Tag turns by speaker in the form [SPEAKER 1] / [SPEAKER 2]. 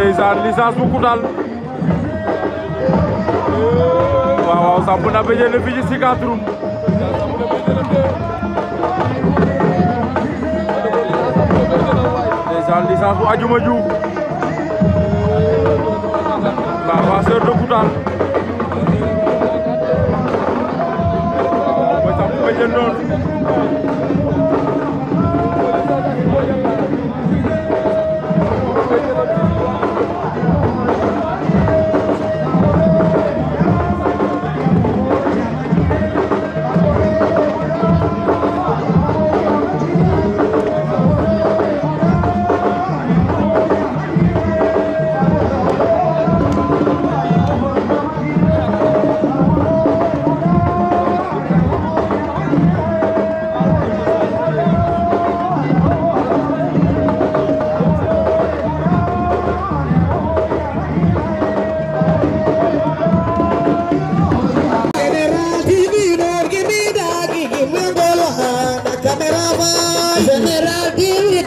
[SPEAKER 1] ndeysaan licence bu Koutal waaw waaw samp na béjjën fii ci Sikaturum ndeysaan licence bu Adiouma Diouf waaw waaw sœur de Koutal waaw mooy samp béjjën noonu
[SPEAKER 2] General Gil.